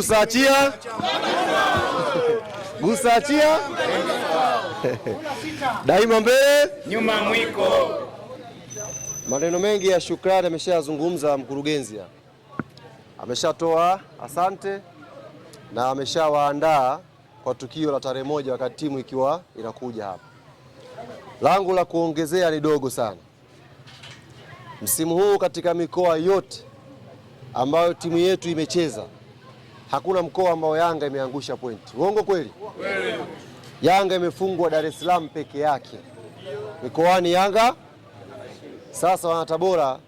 Gusachia, Gusachia daima mbele, nyuma mwiko. Maneno mengi ya shukrani ameshayazungumza mkurugenzi, ameshatoa asante na ameshawaandaa kwa tukio la tarehe moja, wakati timu ikiwa inakuja hapa. Langu la kuongezea ni dogo sana. Msimu huu katika mikoa yote ambayo timu yetu imecheza Hakuna mkoa ambao Yanga imeangusha pointi. Uongo kweli? Yanga imefungwa Dar es Salaam peke yake. Mikoani Yanga sasa, wanatabora,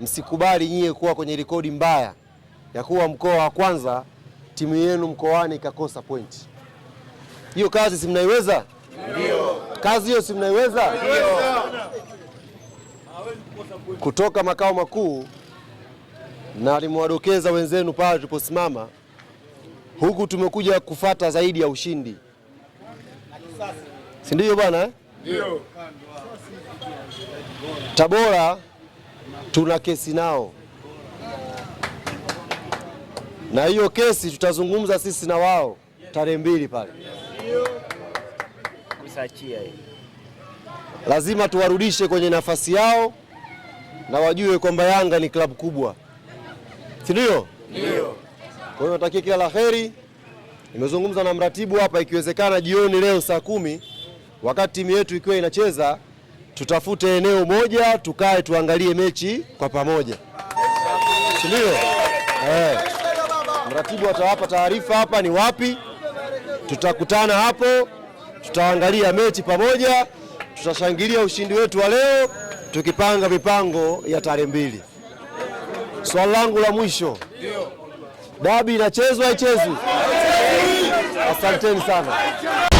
msikubali nyie kuwa kwenye rekodi mbaya ya kuwa mkoa wa kwanza timu yenu mkoani ikakosa pointi. Hiyo kazi si mnaiweza? Ndio. Kazi hiyo si mnaiweza? Ndio. Kutoka makao makuu na alimwadokeza wenzenu pale tuliposimama huku tumekuja kufata zaidi ya ushindi, si ndio bwana eh? Ndio. Tabora tuna kesi nao, na hiyo kesi tutazungumza sisi na wao tarehe mbili pale, lazima tuwarudishe kwenye nafasi yao na wajue kwamba Yanga ni klabu kubwa, si ndio? Ndio. Kwa hiyo natakia kila la heri. Nimezungumza na mratibu hapa, ikiwezekana jioni leo saa kumi, wakati timu yetu ikiwa inacheza, tutafute eneo moja tukae tuangalie mechi kwa pamoja, si ndio? Eh, mratibu atawapa taarifa hapa ni wapi tutakutana, hapo tutaangalia mechi pamoja, tutashangilia ushindi wetu wa leo, tukipanga mipango ya tarehe mbili. Swali langu la mwisho Dabi inachezwa ichezwi? Asanteni sana.